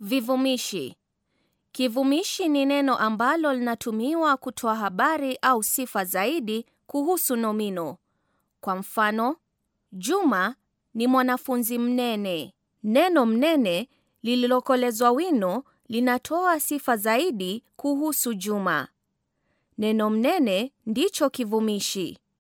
Vivumishi. Kivumishi ni neno ambalo linatumiwa kutoa habari au sifa zaidi kuhusu nomino. Kwa mfano, Juma ni mwanafunzi mnene. Neno mnene lililokolezwa wino linatoa sifa zaidi kuhusu Juma. Neno mnene ndicho kivumishi.